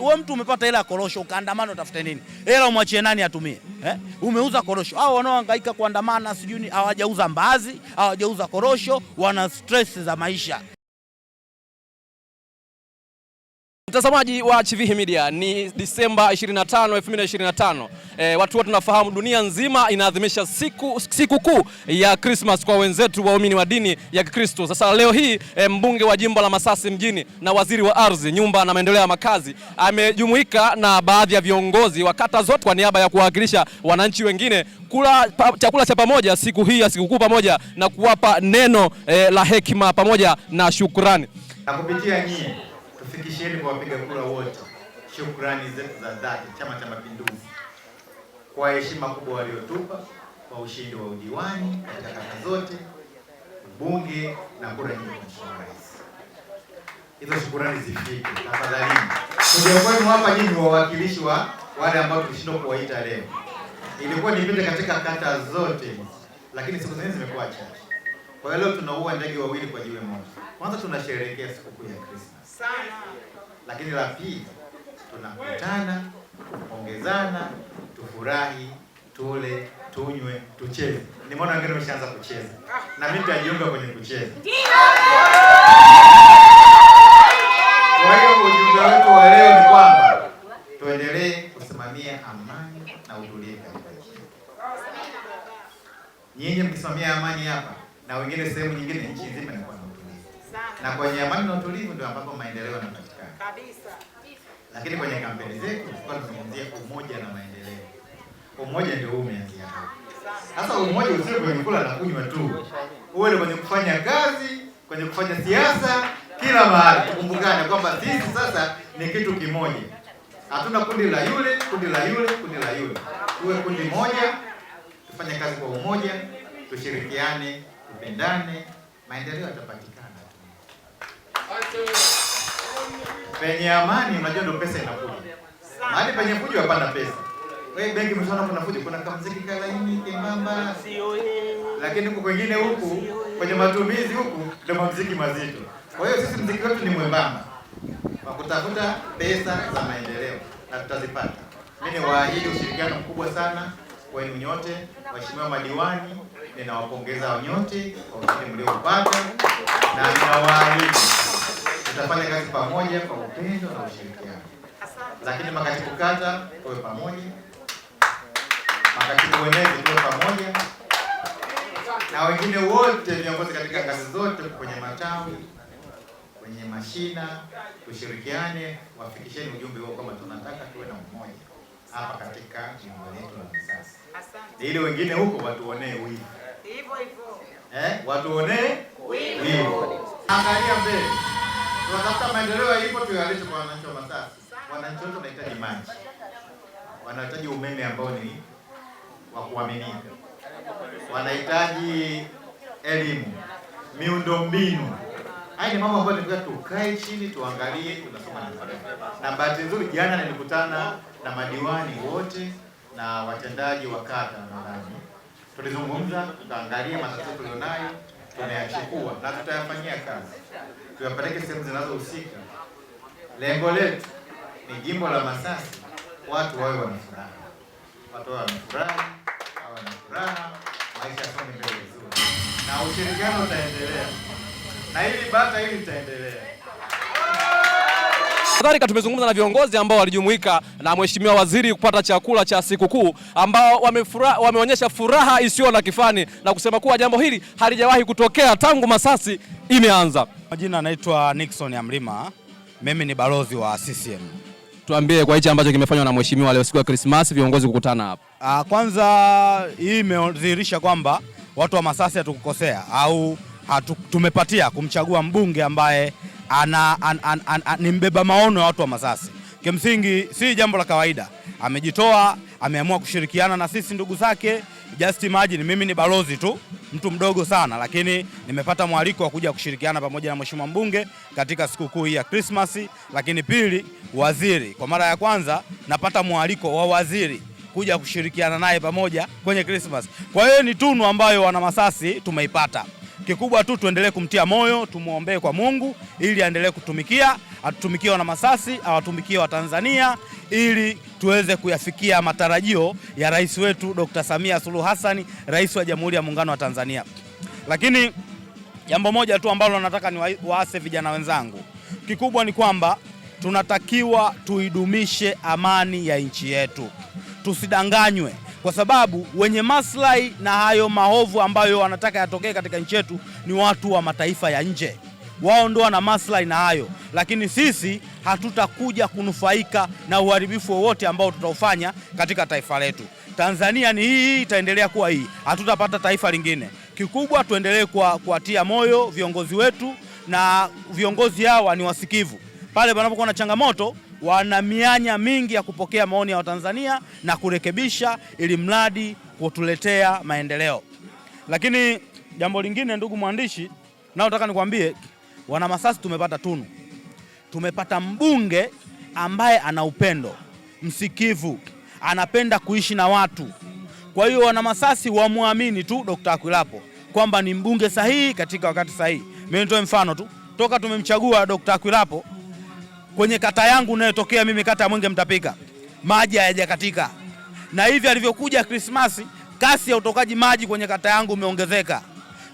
Wewe mtu umepata hela ya korosho ukaandamana, utafute nini? Hela umwachie nani atumie eh? Umeuza korosho. Hao wanaohangaika kuandamana sijui hawajauza mbazi hawajauza korosho, wana stress za maisha. Mtazamaji wa Chivihi Media, ni Disemba 25, 2025. E, watu wote tunafahamu dunia nzima inaadhimisha siku sikukuu ya Christmas kwa wenzetu waumini wa dini ya Kikristo. Sasa leo hii e, mbunge wa jimbo la Masasi mjini na waziri wa ardhi, nyumba na maendeleo ya makazi amejumuika na baadhi ya viongozi wa kata zote kwa niaba ya kuwawakilisha wananchi wengine kula pa, chakula cha pamoja siku hii ya sikukuu pamoja na kuwapa neno e, la hekima pamoja na shukrani na kupitia nyie tufikishieni kwa wapiga kura wote shukrani zetu za dhati Chama cha Mapinduzi kwa heshima kubwa waliotupa kwa ushindi wa udiwani katika kata zote, ubunge na kura nyingi kwa Mheshimiwa Rais. Hizo shukrani zifike tafadhali. Kuja kwenu hapa nyinyi wawakilishi wa wale ambao tulishindwa kuwaita leo, ilikuwa nipite katika kata zote, lakini siku zenyewe zimekuwa chache. Kwa hiyo leo tunaua ndege wawili kwa jiwe moja. Kwanza tunasherehekea sikukuu ya Christmas sana, lakini la pili tunakutana kupongezana, tufurahi, tule, tunywe, tucheze. Nimeona wengine wameshaanza kucheza, na mimi nitajiunga kwenye kucheza. Kwa hiyo ujumbe wetu wa leo ni kwamba tuendelee kusimamia amani na utulivu. Nyinyi mkisimamia amani hapa na wengine sehemu nyingine nchi nzima inakuwa na utulivu, na kwenye amani na utulivu ndio ambapo maendeleo yanapatikana kabisa. Lakini kwenye kampeni zetu tulikuwa tunazungumzia umoja na maendeleo. Umoja ndio umeanzia hapo sasa. Umoja usio kwenye kula na kunywa tu, uwe ni kwenye kufanya kazi, kwenye kufanya siasa, kila mahali tukumbukane kwamba sisi sasa ni kitu kimoja. Hatuna kundi la yule, kundi la yule, kundi la yule. Tuwe kundi moja, tufanye kazi kwa umoja, tushirikiane wapendane, maendeleo yatapatikana. Penye amani, unajua ndio pesa inakuja. Mahali penye fujo, hapana pesa. Wewe benki mshona, kuna fujo, kuna kamziki kalaini kembamba, lakini huko kwingine huku kwenye matumizi huku ndio mziki mazito. Kwa hiyo sisi mziki wetu ni mwembamba wa kutafuta pesa za maendeleo na tutazipata. Mimi niwaahidi ushirikiano mkubwa sana kwenu nyote, waheshimiwa madiwani, ninawapongeza nyote kwa ushindi mlioupata, na ninawaahidi tutafanya kazi pamoja kwa upendo na ushirikiano. Lakini makatibu kata tuwe pamoja, makatibu wenezi tuwe pamoja, na wengine wote viongozi katika ngazi zote, kwenye matawi, kwenye mashina, tushirikiane, wafikisheni ujumbe huo kwamba tunataka tuwe na umoja hapa katika jimbo letu la Misasa, ili wengine huko watuonee wivu eh, watuonee wivu. Angalia mbele, tunatafuta maendeleo yalipo, tuyalete kwa wananchi wa Masasi. Wananchi wote wanahitaji maji, wanahitaji umeme ambao ni wa kuaminika, wanahitaji elimu, miundombinu Haya ni mambo ambayo tunataka tukae chini tuangalie, tunasoma na bahati nzuri jana nilikutana na madiwani wote na watendaji wa kata nadhani tulizungumza, tukaangalia matatizo tulionayo, tunayachukua na tutayafanyia kazi, tuyapeleke sehemu zinazohusika. Lengo letu ni jimbo la Masasi watu wawe wanafuraha, watu wawe wanafuraha, wawe na furaha, maisha yasonge mbele vizuri na ushirikiano utaendelea na hili bata hili litaendelea. Kadhalika tumezungumza na viongozi ambao walijumuika na mheshimiwa waziri kupata chakula cha sikukuu ambao wameonyesha furaha isiyo na kifani na kusema kuwa jambo hili halijawahi kutokea tangu Masasi imeanza. Majina anaitwa Nixon ya Mlima, mimi ni balozi wa CCM. Tuambie kwa hichi ambacho kimefanywa na mheshimiwa leo siku ya Krismasi viongozi kukutana hapa. Ah, kwanza hii imedhihirisha kwamba watu wa Masasi hatukukosea au hatu, tumepatia kumchagua mbunge ambaye ana, an, an, an, an, ni mbeba maono ya watu wa Masasi. Kimsingi si jambo la kawaida, amejitoa, ameamua kushirikiana na sisi ndugu zake. Just imagine mimi ni balozi tu, mtu mdogo sana, lakini nimepata mwaliko wa kuja kushirikiana pamoja na mheshimiwa mbunge katika sikukuu hii ya Krismasi. Lakini pili, waziri, kwa mara ya kwanza napata mwaliko wa waziri kuja kushirikiana naye pamoja kwenye Krismasi. Kwa hiyo ni tunu ambayo wana Masasi tumeipata. Kikubwa tu tuendelee kumtia moyo, tumwombee kwa Mungu ili aendelee kutumikia, atutumikie wana Masasi, awatumikie Watanzania ili tuweze kuyafikia matarajio ya rais wetu Dr. Samia Suluhu Hassan, rais wa Jamhuri ya Muungano wa Tanzania. Lakini jambo moja tu ambalo nataka ni waase vijana wenzangu, kikubwa ni kwamba tunatakiwa tuidumishe amani ya nchi yetu, tusidanganywe kwa sababu wenye maslahi na hayo maovu ambayo wanataka yatokee katika nchi yetu ni watu wa mataifa ya nje. Wao ndio wana maslahi na hayo, lakini sisi hatutakuja kunufaika na uharibifu wowote ambao tutaufanya katika taifa letu. Tanzania ni hii, itaendelea kuwa hii, hatutapata taifa lingine. Kikubwa tuendelee kuwatia moyo viongozi wetu, na viongozi hawa ni wasikivu. Pale panapokuwa na changamoto wana mianya mingi ya kupokea maoni ya Watanzania na kurekebisha ili mradi kutuletea maendeleo. Lakini jambo lingine, ndugu mwandishi, nao nataka nikwambie, wana Masasi tumepata tunu, tumepata mbunge ambaye ana upendo, msikivu, anapenda kuishi na watu. Kwa hiyo wana Masasi wamwamini tu Dr. Akwilapo kwamba ni mbunge sahihi katika wakati sahihi. Mimi nitoe mfano tu, toka tumemchagua Dr. Akwilapo kwenye kata yangu nayotokea mimi, kata ya Mwenge Mtapika, maji hayajakatika, na hivi alivyokuja Krismasi kasi ya utokaji maji kwenye kata yangu umeongezeka.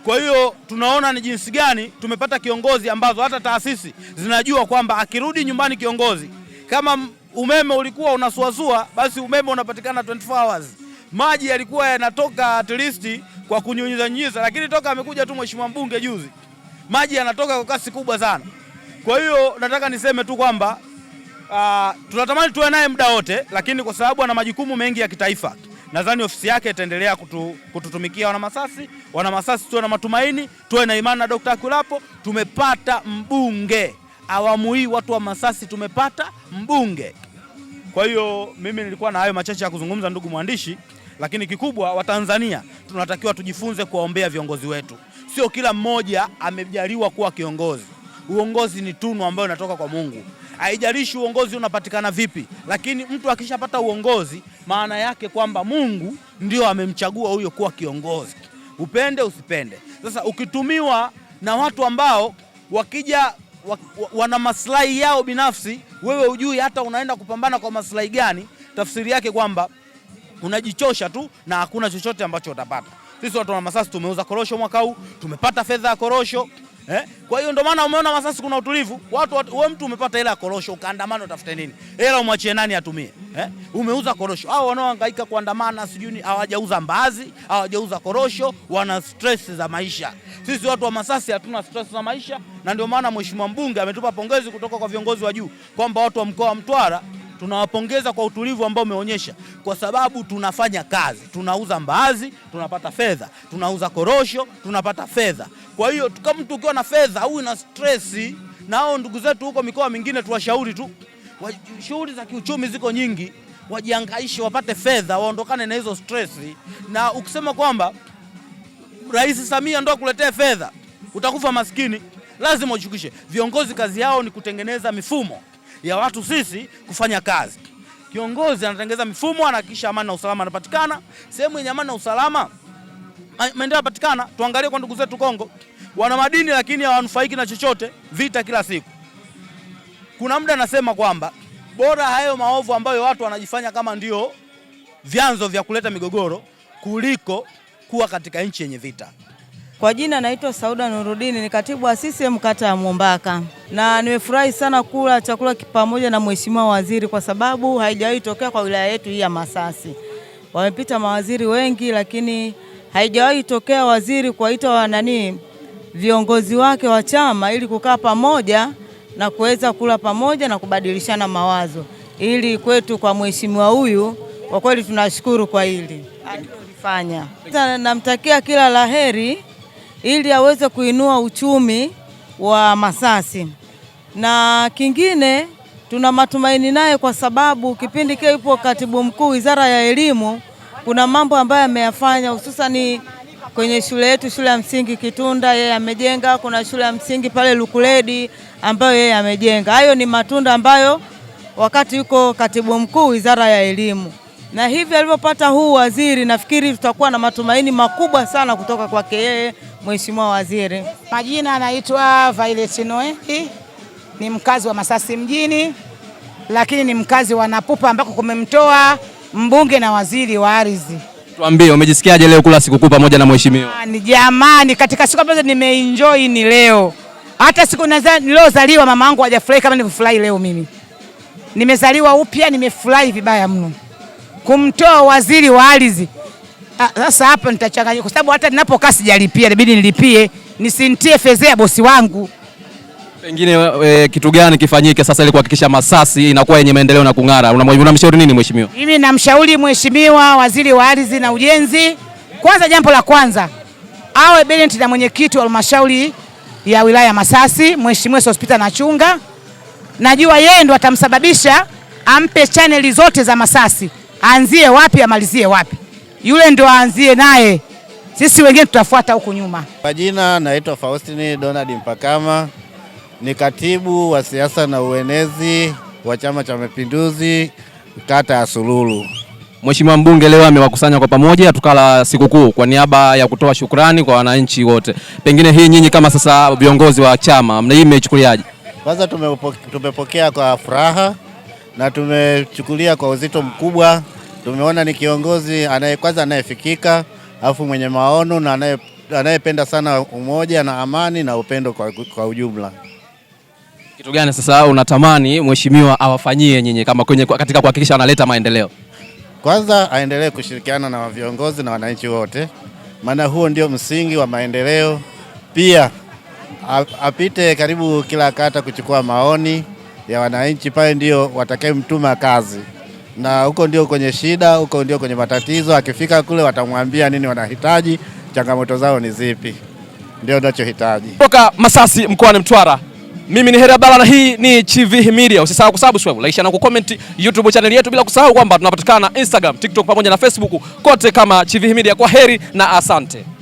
Kwa hiyo tunaona ni jinsi gani tumepata kiongozi ambazo hata taasisi zinajua kwamba akirudi nyumbani kiongozi, kama umeme ulikuwa unasuasua, basi umeme unapatikana 24 hours. Maji yalikuwa yanatoka at least kwa kunyunyiza nyiza, lakini toka amekuja tu mheshimiwa mbunge juzi, maji yanatoka kwa kasi kubwa sana. Kwa hiyo nataka niseme tu kwamba uh, tunatamani tuwe naye muda wote, lakini kwa sababu ana majukumu mengi ya kitaifa, nadhani ofisi yake itaendelea kutu, kututumikia wanamasasi. Wanamasasi tuwe na matumaini, tuwe na imani na Dr. Kulapo. Tumepata mbunge awamu hii, watu wa Masasi tumepata mbunge. Kwa hiyo mimi nilikuwa na hayo machache ya kuzungumza, ndugu mwandishi, lakini kikubwa, Watanzania tunatakiwa tujifunze kuwaombea viongozi wetu. Sio kila mmoja amejaliwa kuwa kiongozi. Uongozi ni tunu ambayo inatoka kwa Mungu, haijalishi uongozi unapatikana vipi, lakini mtu akishapata uongozi, maana yake kwamba Mungu ndio amemchagua huyo kuwa kiongozi, upende usipende. Sasa ukitumiwa na watu ambao wakija wana maslahi yao binafsi, wewe hujui hata unaenda kupambana kwa maslahi gani. Tafsiri yake kwamba unajichosha tu na hakuna chochote ambacho utapata. Sisi watu wa Masasi tumeuza korosho mwaka huu, tumepata fedha ya korosho Eh? Kwa hiyo ndio maana umeona Masasi kuna utulivu. Watu, wewe mtu umepata hela ya korosho ukaandamana utafute nini? Hela umwachie nani atumie? Eh? Umeuza korosho. Hao wanaohangaika kuandamana sijui hawajauza mbazi, hawajauza korosho, wana stress za maisha. Sisi watu wa Masasi hatuna stress za maisha na ndio maana mheshimiwa mbunge ametupa pongezi kutoka kwa viongozi wa juu kwamba watu wa mkoa wa Mtwara tunawapongeza kwa utulivu ambao umeonyesha, kwa sababu tunafanya kazi, tunauza mbaazi tunapata fedha, tunauza korosho tunapata fedha. Kwa hiyo kama mtu ukiwa na fedha au una stress, nao ndugu zetu huko mikoa mingine tuwashauri tu, shughuli za kiuchumi ziko nyingi, wajihangaishe wapate fedha, waondokane na hizo stress. Na ukisema kwamba Rais Samia ndo akuletee fedha, utakufa maskini. Lazima ushukishe. Viongozi kazi yao ni kutengeneza mifumo ya watu sisi kufanya kazi. Kiongozi anatengeneza mifumo, anahakikisha amani na usalama anapatikana. Sehemu yenye amani na usalama eh, maendeleo yanapatikana. Tuangalie kwa ndugu zetu Kongo wana madini lakini hawanufaiki na chochote, vita kila siku. Kuna muda nasema kwamba bora hayo maovu ambayo watu wanajifanya kama ndio vyanzo vya kuleta migogoro kuliko kuwa katika nchi yenye vita. Kwa jina naitwa Sauda Nurudini, ni katibu wa CCM kata ya mwombaka na nimefurahi sana kula chakula pamoja na mheshimiwa waziri, kwa sababu haijawahi tokea kwa wilaya yetu hii ya Masasi. Wamepita mawaziri wengi, lakini haijawahi tokea waziri kuwaita wanani viongozi wake wa chama ili kukaa pamoja na kuweza kula pamoja na kubadilishana mawazo ili kwetu kwa mheshimiwa huyu kwa kweli tunashukuru kwa hili alilofanya. Namtakia kila laheri ili aweze kuinua uchumi wa Masasi, na kingine tuna matumaini naye kwa sababu kipindi kile yupo katibu mkuu wizara ya elimu, kuna mambo ambayo ameyafanya hususani kwenye shule yetu, shule ya msingi Kitunda yeye amejenga, kuna shule ya msingi pale Lukuledi ambayo yeye amejenga. Hayo ni matunda ambayo wakati yuko katibu mkuu Wizara ya Elimu, na hivi alivyopata huu waziri, nafikiri tutakuwa na matumaini makubwa sana kutoka kwake yeye, Mheshimiwa Waziri. Majina anaitwa Violet Noeli, ni mkazi wa Masasi mjini, lakini ni mkazi wa Napupa ambako kumemtoa mbunge na waziri wa ardhi. Tuambie umejisikiaje leo kula sikukuu pamoja na mheshimiwa? Jamani, jamani, katika siku ambazo nimeenjoy ni leo. Hata siku niliozaliwa mama yangu hajafurahi kama nilivyofurahi leo mimi. Nimezaliwa upya, nimefurahi vibaya mno. Kumtoa waziri wa ardhi. Sasa hapo nitachanganya kwa sababu hata ninapokaa sijalipia, inabidi nilipie, nisintie fedha ya bosi wangu. Pengine e, kitu gani kifanyike sasa ili kuhakikisha Masasi inakuwa yenye maendeleo na kung'ara? Unamshauri nini mheshimiwa? Mimi namshauri mheshimiwa waziri wa ardhi na ujenzi, kwanza, jambo la kwanza awe Bennett na mwenyekiti wa halmashauri ya wilaya ya Masasi, mheshimiwa Sospita Nachunga. Najua yeye ndo atamsababisha ampe chaneli zote za Masasi, aanzie wapi amalizie wapi, yule ndo aanzie naye, sisi wengine tutafuata huku nyuma. Kwa jina naitwa Faustini Donald Mpakama ni katibu wa siasa na uenezi wa Chama cha Mapinduzi kata ya Sululu. Mheshimiwa mbunge leo amewakusanya kwa pamoja, tukala sikukuu kwa niaba ya kutoa shukrani kwa wananchi wote. Pengine hii nyinyi kama sasa viongozi wa chama mna hii mmeichukuliaje? Kwanza tumepokea kwa furaha na tumechukulia kwa uzito mkubwa. Tumeona ni kiongozi anaye kwanza anayefikika, alafu mwenye maono na anayependa sana umoja na amani na upendo kwa, kwa ujumla. Kitu gani sasa unatamani mheshimiwa awafanyie nyinyi kama kwenye katika kuhakikisha analeta maendeleo? Kwanza aendelee kushirikiana na viongozi na wananchi wote, maana huo ndio msingi wa maendeleo. Pia apite karibu kila kata kuchukua maoni ya wananchi, pale ndio watakayemtuma kazi, na huko ndio kwenye shida, huko ndio kwenye matatizo. Akifika kule watamwambia nini wanahitaji, changamoto zao ni zipi, ndio anachohitaji. Toka Masasi mkoani Mtwara. Mimi ni Hera Bala na hii ni Chivihi Media. Usisahau kusubscribe, like, na kucomment YouTube channel yetu bila kusahau kwamba tunapatikana Instagram, TikTok pamoja na Facebook kote kama Chivihi Media. Kwa heri na asante.